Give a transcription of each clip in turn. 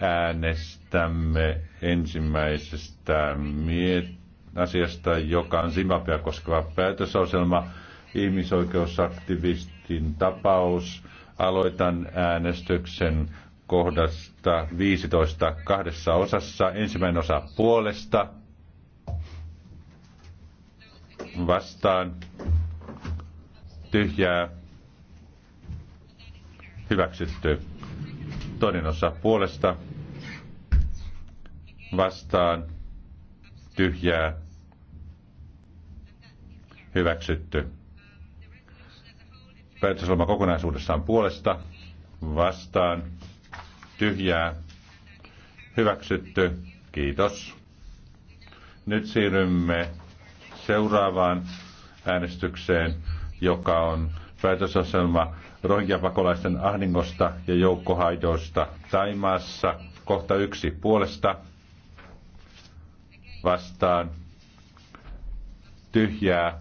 äänestämme ensimmäisestä asiasta, joka on Zimbabwea koskeva päätösoselma, ihmisoikeusaktivistin tapaus. Aloitan äänestyksen kohdasta 15 kahdessa osassa. Ensimmäinen osa puolesta vastaan tyhjää hyväksytty. Toinen osa puolesta vastaan tyhjää hyväksytty. Päätösloma kokonaisuudessaan puolesta vastaan tyhjää hyväksytty. Kiitos. Nyt siirrymme seuraavaan äänestykseen, joka on päätösasema rohingyapakolaisten ahdingosta ja joukkohaidoista Taimaassa. Kohta yksi puolesta vastaan tyhjää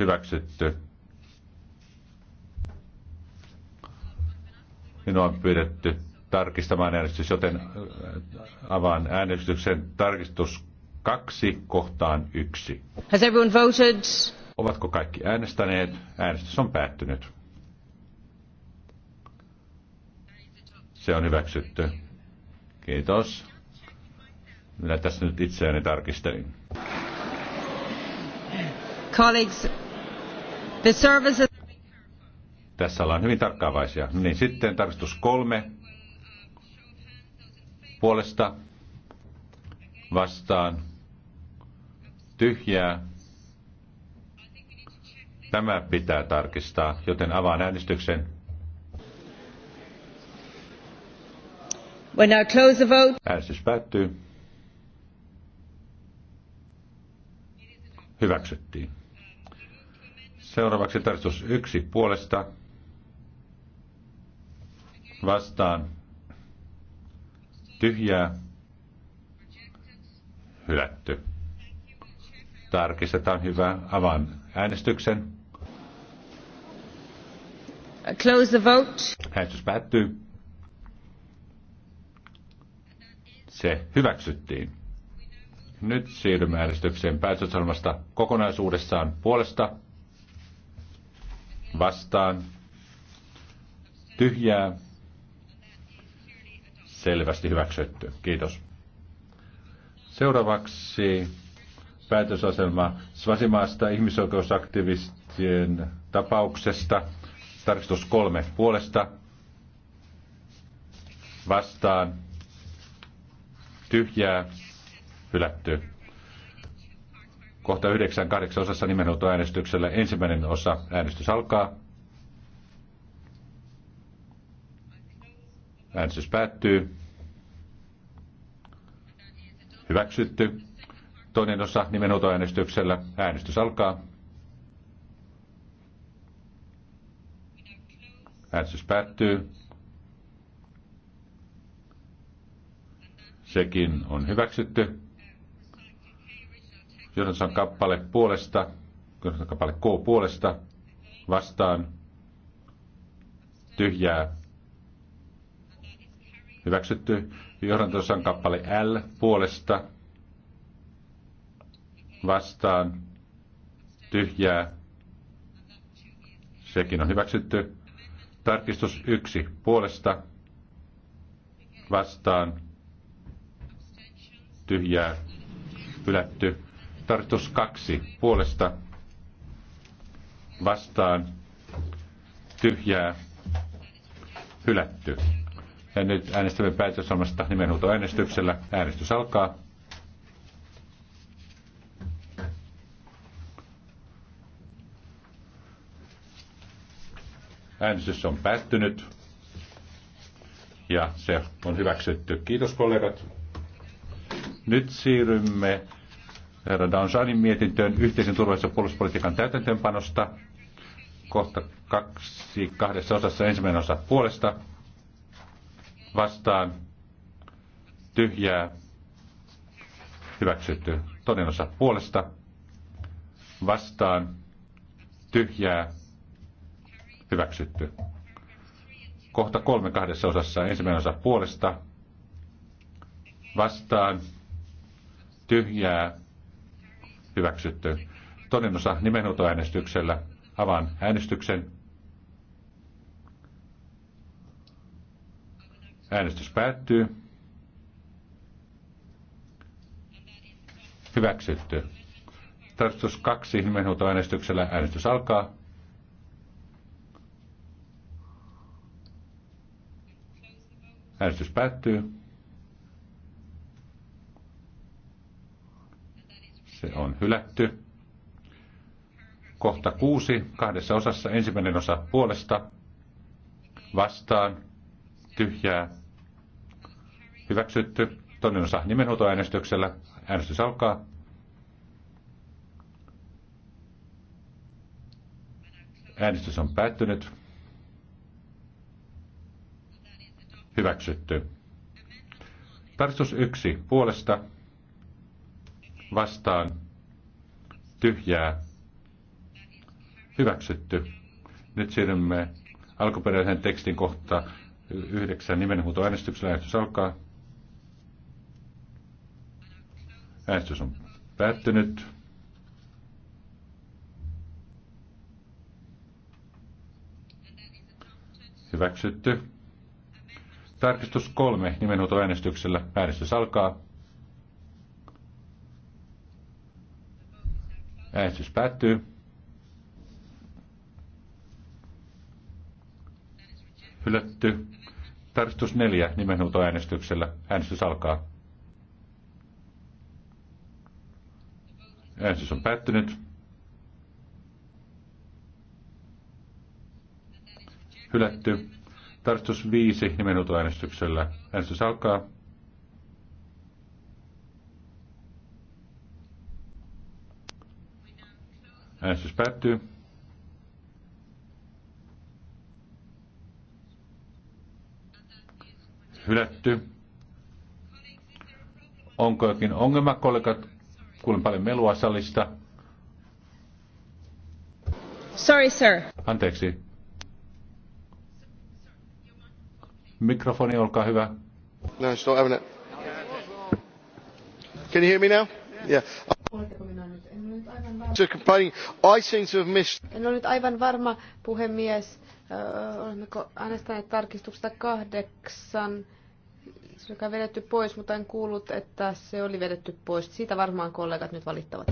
hyväksytty. Minua on pyydetty tarkistamaan äänestys, joten äh, avaan äänestyksen tarkistus kaksi kohtaan yksi. Has everyone voted? Ovatko kaikki äänestäneet? Äänestys on päättynyt. Se on hyväksytty. Kiitos. Minä tässä nyt itseäni tarkistelin. Colleagues, the services... Tässä ollaan hyvin tarkkaavaisia. Niin, sitten tarkistus kolme puolesta vastaan tyhjää. Tämä pitää tarkistaa, joten avaan äänestyksen. We now close the vote. Äänestys päättyy. hyväksyttiin. Seuraavaksi tarkistus yksi puolesta vastaan tyhjää hylätty. Tarkistetaan hyvä. Avaan äänestyksen. Close the vote. Äänestys päättyy. Se hyväksyttiin. Nyt siirrymme äänestykseen päätöselmasta kokonaisuudessaan puolesta, vastaan, tyhjää, selvästi hyväksytty. Kiitos. Seuraavaksi päätösasema Svasimaasta ihmisoikeusaktivistien tapauksesta. Tarkistus kolme puolesta. Vastaan. Tyhjää hylätty. Kohta 9.8. osassa osassa äänestyksellä Ensimmäinen osa äänestys alkaa. Äänestys päättyy. Hyväksytty. Toinen osa äänestyksellä Äänestys alkaa. Äänestys päättyy. Sekin on hyväksytty. Johdonsan kappale puolesta, johdonsan kappale K puolesta, vastaan, tyhjää, hyväksytty. Johdantosan kappale L puolesta, vastaan, tyhjää, sekin on hyväksytty. Tarkistus yksi puolesta, vastaan, tyhjää, hylätty Tartus kaksi puolesta vastaan tyhjää hylätty. Ja nyt äänestämme päätösomasta nimenhuutoäänestyksellä. Äänestys alkaa. Äänestys on päättynyt ja se on hyväksytty. Kiitos kollegat. Nyt siirrymme herra mietintöön yhteisen turvallisuus- ja puolustuspolitiikan täytäntöönpanosta. Kohta kaksi kahdessa osassa ensimmäinen osa puolesta vastaan tyhjää hyväksytty. Toinen osa puolesta vastaan tyhjää hyväksytty. Kohta kolme kahdessa osassa ensimmäinen osa puolesta vastaan tyhjää hyväksytty. Toinen osa nimenhuutoäänestyksellä. Avaan äänestyksen. Äänestys päättyy. Hyväksytty. Tarkistus kaksi nimenhuutoäänestyksellä. Äänestys alkaa. Äänestys päättyy. Se on hylätty. Kohta kuusi kahdessa osassa. Ensimmäinen osa puolesta vastaan tyhjää hyväksytty. Toinen osa nimenhuutoäänestyksellä. Äänestys alkaa. Äänestys on päättynyt. Hyväksytty. Tarkistus yksi puolesta vastaan tyhjää hyväksytty. Nyt siirrymme alkuperäisen tekstin kohta yhdeksän äänestyksellä. Äänestys alkaa. Äänestys on päättynyt. Hyväksytty. Tarkistus kolme äänestyksellä. Äänestys alkaa. Äänestys päättyy. Hylätty. Tarkistus neljä nimenhuutoäänestyksellä. Äänestys alkaa. Äänestys on päättynyt. Hylätty. Tarkistus viisi nimenhuutoäänestyksellä. Äänestys alkaa. Äänestys päättyy. Hylätty. Onko jokin ongelma, kollegat? Kuulen paljon melua salista. Sorry, sir. Anteeksi. Mikrofoni, olkaa hyvä. No, it's not having it. Can you hear me now? Yeah nyt? En ole nyt aivan varma. I En ole nyt aivan varma, puhemies. Öö, olemmeko äänestäneet tarkistuksesta kahdeksan? Se on vedetty pois, mutta en kuullut, että se oli vedetty pois. Siitä varmaan kollegat nyt valittavat.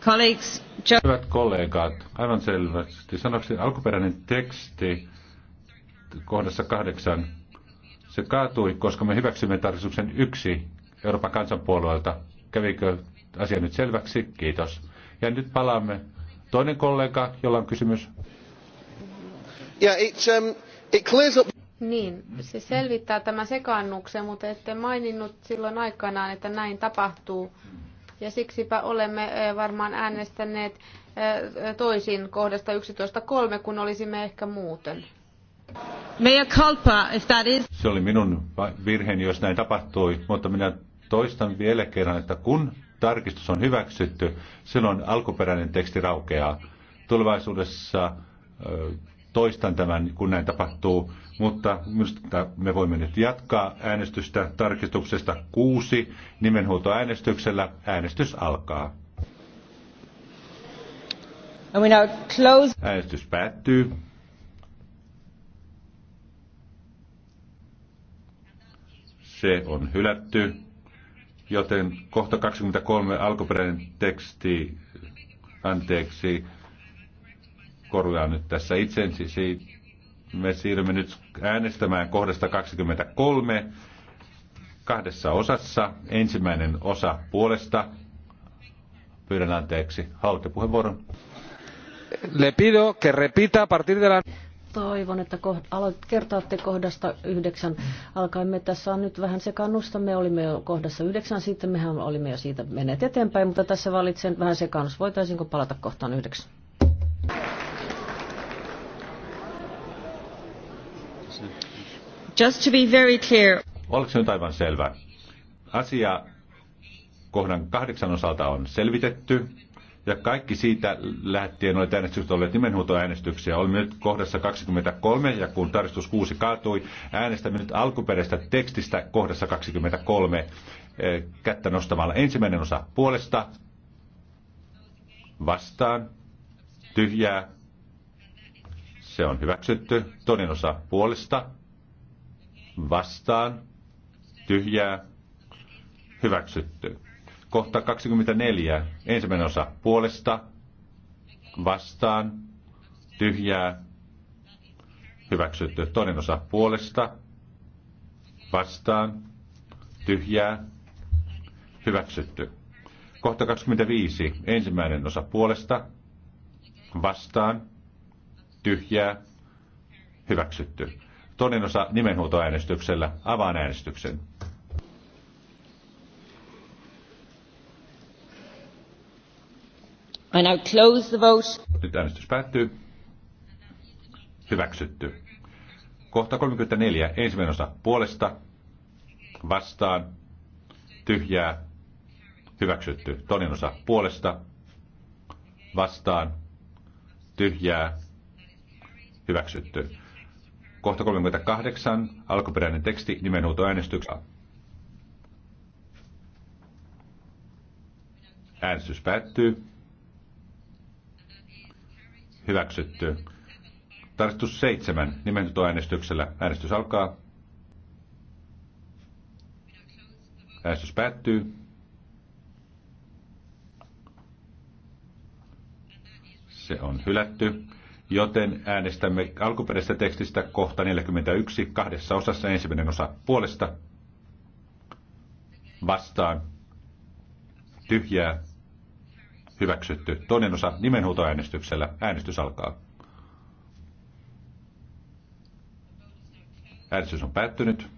Colleagues, Hyvät kollegat, aivan selvästi. Sanoksi alkuperäinen teksti kohdassa kahdeksan, se kaatui, koska me hyväksymme tarkistuksen yksi Euroopan kansanpuolueelta. Kävikö asia nyt selväksi. Kiitos. Ja nyt palaamme. Toinen kollega, jolla on kysymys. Yeah, um, it clears up... Niin, se selvittää tämä sekaannuksen, mutta ette maininnut silloin aikanaan, että näin tapahtuu. Ja siksipä olemme varmaan äänestäneet toisin kohdasta 11.3, kun olisimme ehkä muuten. culpa, if that is. Se oli minun virheeni, jos näin tapahtui, mutta minä toistan vielä kerran, että kun tarkistus on hyväksytty, silloin alkuperäinen teksti raukeaa. Tulevaisuudessa toistan tämän, kun näin tapahtuu, mutta minusta me voimme nyt jatkaa äänestystä tarkistuksesta kuusi nimenhuutoäänestyksellä. Äänestys alkaa. Äänestys päättyy. Se on hylätty joten kohta 23 alkuperäinen teksti, anteeksi, korjaan nyt tässä itsensi. Siis me siirrymme nyt äänestämään kohdasta 23 kahdessa osassa. Ensimmäinen osa puolesta. Pyydän anteeksi. Haluatte puheenvuoron? Le pido que repita a partir de la toivon, että kertaatte kohdasta yhdeksän alkaen. Me tässä on nyt vähän sekannusta. Me olimme jo kohdassa yhdeksän, sitten mehän olimme jo siitä menneet eteenpäin, mutta tässä valitsen vähän sekannus. Voitaisinko palata kohtaan yhdeksän? Just to be very clear. Oliko se nyt aivan selvä? Asia kohdan kahdeksan osalta on selvitetty. Ja kaikki siitä lähtien olet äänestykset olleet nimenhuutoäänestyksiä. Olemme nyt kohdassa 23 ja kun tarkistus 6 kaatui, äänestämme nyt alkuperäistä tekstistä kohdassa 23 eh, kättä nostamalla. Ensimmäinen osa puolesta, vastaan, tyhjää, se on hyväksytty. Toinen osa puolesta, vastaan, tyhjää, hyväksytty. Kohta 24. Ensimmäinen osa puolesta, vastaan, tyhjää, hyväksytty. Toinen osa puolesta, vastaan, tyhjää, hyväksytty. Kohta 25. Ensimmäinen osa puolesta, vastaan, tyhjää, hyväksytty. Toinen osa nimenhuutoäänestyksellä avaan äänestyksen. I now close the vote. Nyt äänestys päättyy. Hyväksytty. Kohta 34. Ensimmäinen osa puolesta. Vastaan. Tyhjää. Hyväksytty. Toinen osa puolesta. Vastaan. Tyhjää. Hyväksytty. Kohta 38. Alkuperäinen teksti äänestyksessä. Äänestys päättyy hyväksytty. Tarkistus seitsemän äänestyksellä. Äänestys alkaa. Äänestys päättyy. Se on hylätty. Joten äänestämme alkuperäisestä tekstistä kohta 41 kahdessa osassa ensimmäinen osa puolesta vastaan tyhjää hyväksytty. Toinen osa nimenhuutoäänestyksellä. Äänestys alkaa. Äänestys on päättynyt.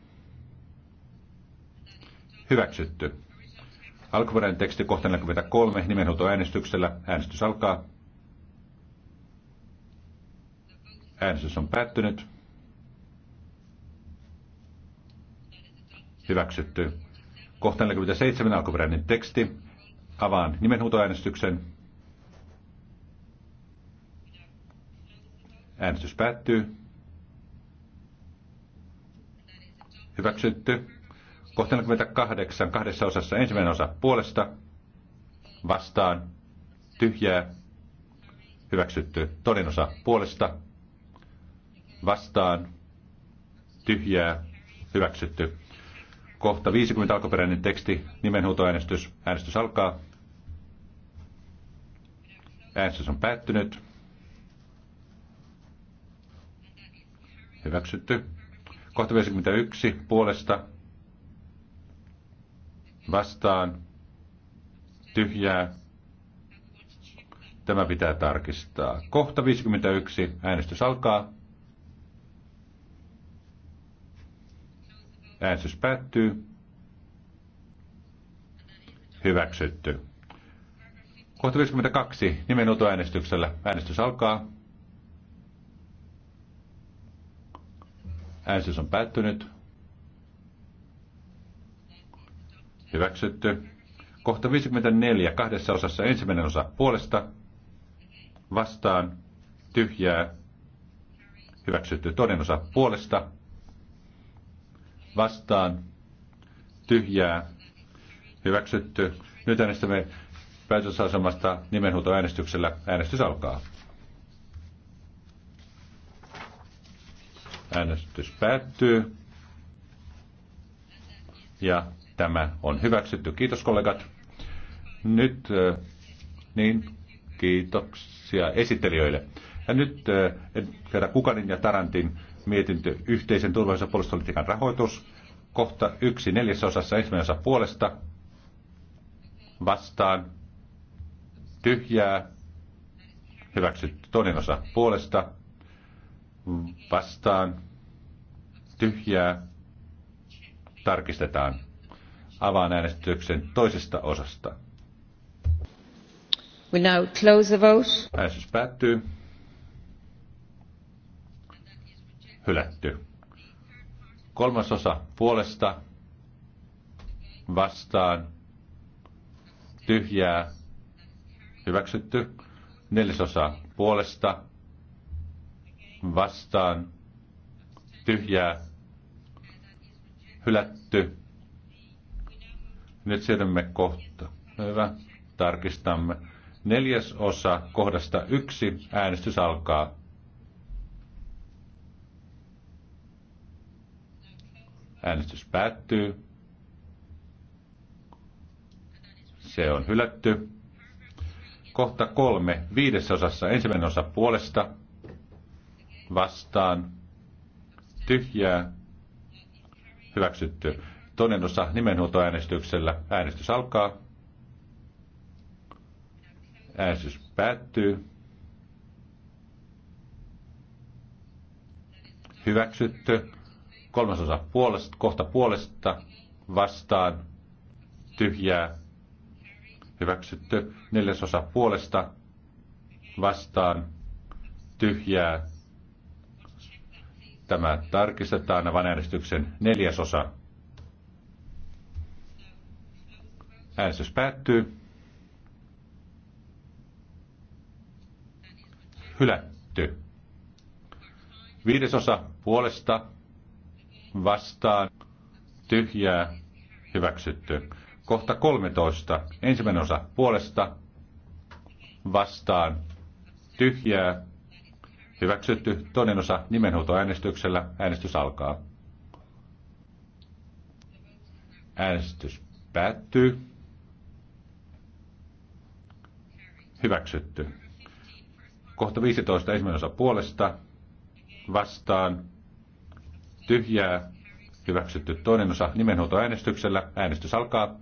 Hyväksytty. Alkuperäinen teksti kohta 43 nimenhuutoäänestyksellä. Äänestys alkaa. Äänestys on päättynyt. Hyväksytty. Kohta 47 alkuperäinen teksti. Avaan nimenhuutoäänestyksen. Äänestys päättyy. Hyväksytty. Kohta 48 kahdessa osassa. Ensimmäinen osa puolesta. Vastaan. Tyhjää. Hyväksytty. Toinen osa puolesta. Vastaan. Tyhjää. Hyväksytty. Kohta 50 alkuperäinen teksti, nimenhuutoäänestys. Äänestys alkaa. Äänestys on päättynyt. Hyväksytty. Kohta 51 puolesta vastaan tyhjää. Tämä pitää tarkistaa. Kohta 51 äänestys alkaa. Äänestys päättyy. Hyväksytty. Kohta 52 äänestyksellä. Äänestys alkaa. Äänestys on päättynyt. Hyväksytty. Kohta 54 kahdessa osassa ensimmäinen osa puolesta. Vastaan. Tyhjää. Hyväksytty. Toinen osa puolesta vastaan tyhjää hyväksytty. Nyt äänestämme päätösasemasta äänestyksellä. Äänestys alkaa. Äänestys päättyy. Ja tämä on hyväksytty. Kiitos kollegat. Nyt niin, kiitoksia esittelijöille. Ja nyt herra Kukanin ja Tarantin mietintö yhteisen turvallisuus- ja puolustuspolitiikan rahoitus. Kohta yksi neljäsosassa ensimmäinen osa puolesta vastaan tyhjää hyväksytty. Toinen osa puolesta vastaan tyhjää tarkistetaan. Avaan äänestyksen toisesta osasta. We now close the vote. Äänestys päättyy. hylätty. Kolmasosa puolesta vastaan tyhjää hyväksytty. Neljäsosa puolesta vastaan tyhjää hylätty. Nyt siirrymme kohta. Hyvä. Tarkistamme. Neljäs osa kohdasta yksi. Äänestys alkaa. Äänestys päättyy. Se on hylätty. Kohta kolme, viidesosassa, ensimmäinen osa puolesta, vastaan, tyhjää, hyväksytty. Toinen osa nimenhuoltoäänestyksellä. Äänestys alkaa. Äänestys päättyy. Hyväksytty kolmasosa puolesta, kohta puolesta vastaan tyhjää hyväksytty. Neljäsosa puolesta vastaan tyhjää. Tämä tarkistetaan avan äänestyksen neljäsosa. Äänestys päättyy. Hylätty. Viidesosa puolesta vastaan, tyhjää, hyväksytty. Kohta 13, ensimmäinen osa puolesta, vastaan, tyhjää, hyväksytty. Toinen osa nimenhuutoäänestyksellä, äänestys alkaa. Äänestys päättyy. Hyväksytty. Kohta 15 ensimmäinen osa puolesta, vastaan, tyhjää, hyväksytty toinen osa nimenhuutoäänestyksellä. Äänestys alkaa.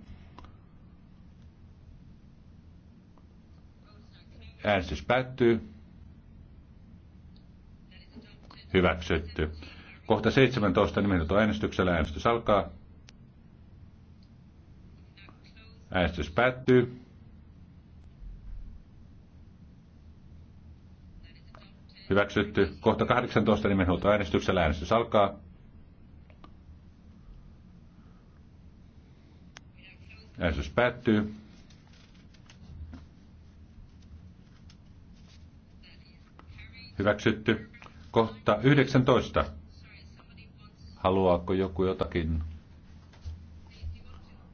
Äänestys päättyy. Hyväksytty. Kohta 17 nimenhuutoäänestyksellä äänestys alkaa. Äänestys päättyy. Hyväksytty. Kohta 18 nimenhuoltoäänestyksellä äänestys alkaa. Äänestys päättyy. Hyväksytty. Kohta 19. Haluaako joku jotakin?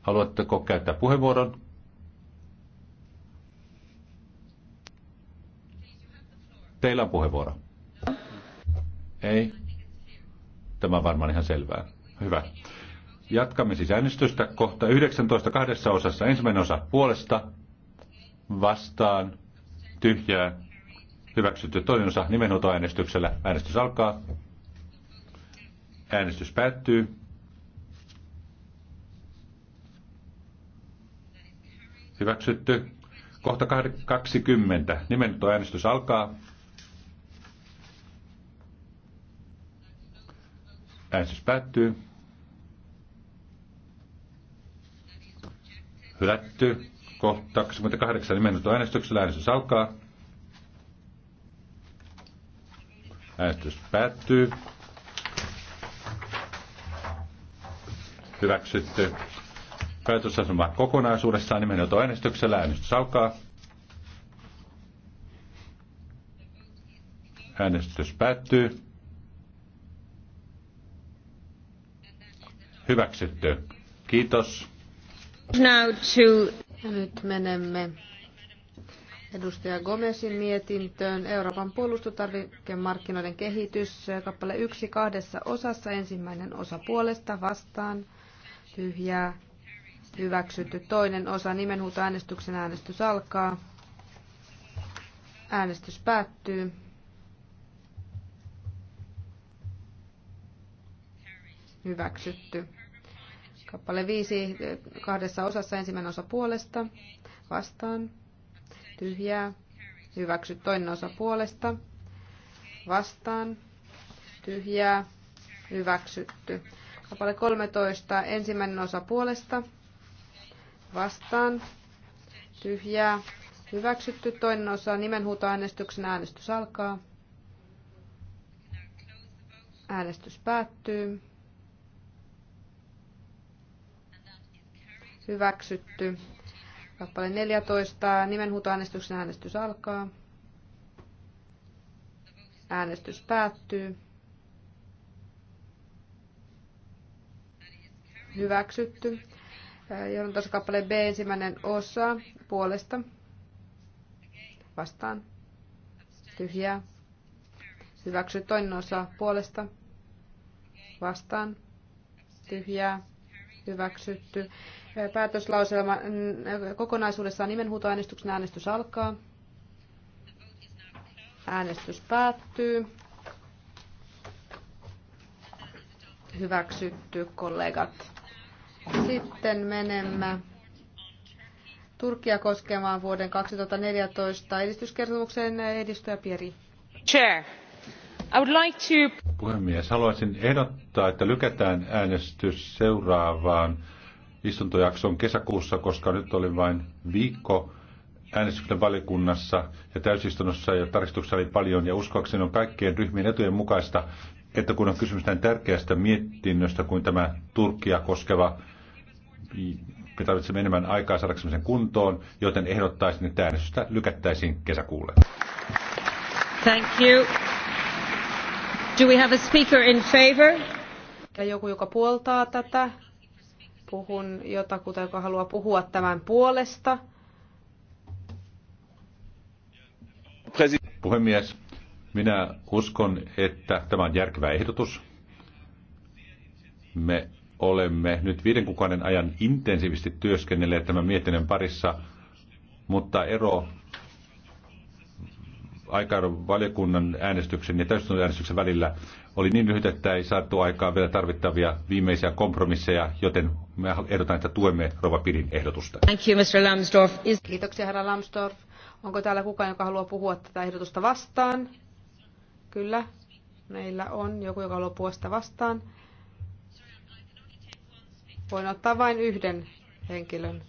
Haluatteko käyttää puheenvuoron? Teillä on puheenvuoro. Ei. Tämä on varmaan ihan selvää. Hyvä. Jatkamme siis äänestystä kohta 19 kahdessa osassa. Ensimmäinen osa puolesta, vastaan, tyhjää, hyväksytty. Toinen osa nimenhuutoäänestyksellä. Äänestys alkaa. Äänestys päättyy. Hyväksytty. Kohta 20. Nimenhuutoäänestys alkaa. Äänestys päättyy. Hylätty. Kohta 28 nimennetyllä äänestyksellä äänestys alkaa. Äänestys päättyy. Hyväksytty. Päätösasema kokonaisuudessaan nimennetyllä äänestyksellä äänestys alkaa. Äänestys päättyy. Hyväksytty. Kiitos. Now to... Ja nyt menemme edustaja Gomesin mietintöön Euroopan puolustustarvikemarkkinoiden kehitys, kappale yksi kahdessa osassa, ensimmäinen osa puolesta vastaan, tyhjää, hyväksytty. Toinen osa äänestyksen äänestys alkaa. Äänestys päättyy. Hyväksytty. Kappale viisi kahdessa osassa ensimmäinen osa puolesta, vastaan, tyhjää, hyväksy toinen osa puolesta, vastaan, tyhjää, hyväksytty. Kappale 13 ensimmäinen osa puolesta, vastaan, tyhjää, hyväksytty toinen osa, nimenhuutoäänestyksen äänestys alkaa. Äänestys päättyy. hyväksytty. Kappale 14. Nimenhuutoäänestyksen äänestys alkaa. Äänestys päättyy. Hyväksytty. Joudun tuossa kappaleen B ensimmäinen osa puolesta. Vastaan. Tyhjää. Hyväksy toinen osa puolesta. Vastaan. Tyhjää hyväksytty. Päätöslauselma kokonaisuudessaan nimenhuutoäänestyksen äänestys alkaa. Äänestys päättyy. Hyväksytty, kollegat. Sitten menemme Turkia koskemaan vuoden 2014 edistyskertomuksen edistäjä Pieri. Chair. Puhemies, haluaisin ehdottaa, että lykätään äänestys seuraavaan istuntojakson kesäkuussa, koska nyt oli vain viikko äänestyksen valikunnassa ja täysistunnossa ja tarkistuksessa oli paljon ja uskoakseni on kaikkien ryhmien etujen mukaista, että kun on kysymys näin tärkeästä mietinnöstä kuin tämä Turkia koskeva, me tarvitsemme enemmän aikaa saadaksemme sen kuntoon, joten ehdottaisin, että äänestystä lykättäisiin kesäkuulle. Thank you. Do we have a speaker in favor? Ja joku, joka puoltaa tätä. Puhun jotakuta, joka haluaa puhua tämän puolesta. Puhemies, minä uskon, että tämä on järkevä ehdotus. Me olemme nyt viiden kuukauden ajan intensiivisesti työskennelleet tämän mietinnön parissa, mutta ero aika valiokunnan äänestyksen ja täysistunnon äänestyksen välillä oli niin lyhyt, että ei saatu aikaan vielä tarvittavia viimeisiä kompromisseja, joten me ehdotan, että tuemme Rova Pirin ehdotusta. Thank you, Mr. Lambsdorff. Is... Kiitoksia, herra Lambsdorff. Onko täällä kukaan, joka haluaa puhua tätä ehdotusta vastaan? Kyllä, meillä on joku, joka haluaa puhua sitä vastaan. Voin ottaa vain yhden henkilön.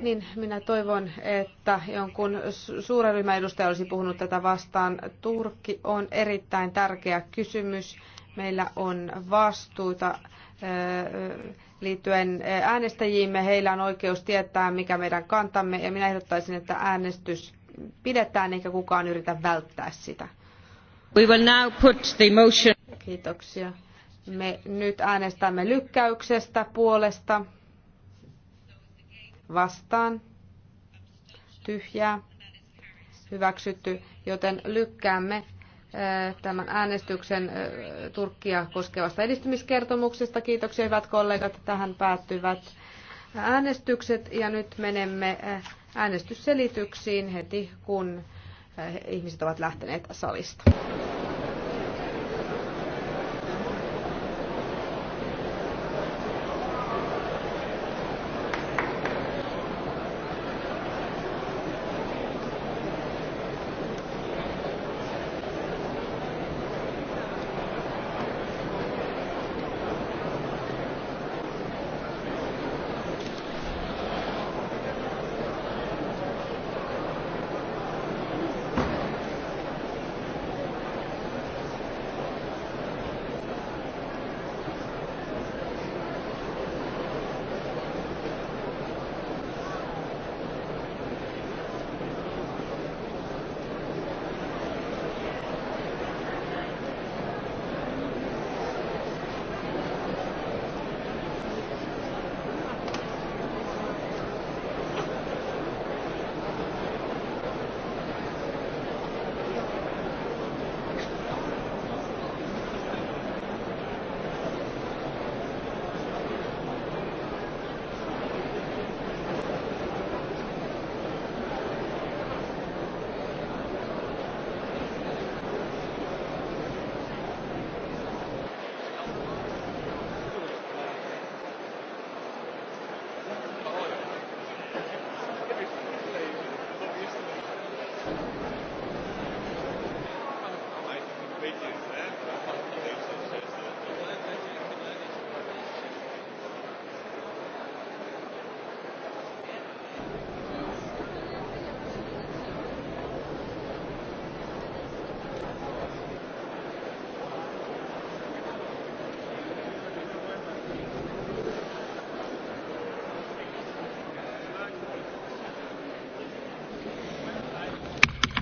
Niin, minä toivon, että jonkun suuren ryhmän edustaja olisi puhunut tätä vastaan. Turkki on erittäin tärkeä kysymys. Meillä on vastuuta liittyen äänestäjiimme. Heillä on oikeus tietää, mikä meidän kantamme, ja minä ehdottaisin, että äänestys pidetään, eikä kukaan yritä välttää sitä. We will now put the motion. Kiitoksia. Me nyt äänestämme lykkäyksestä puolesta vastaan, tyhjää, hyväksytty, joten lykkäämme tämän äänestyksen Turkkia koskevasta edistymiskertomuksesta. Kiitoksia hyvät kollegat, tähän päättyvät äänestykset ja nyt menemme äänestysselityksiin heti kun ihmiset ovat lähteneet salista.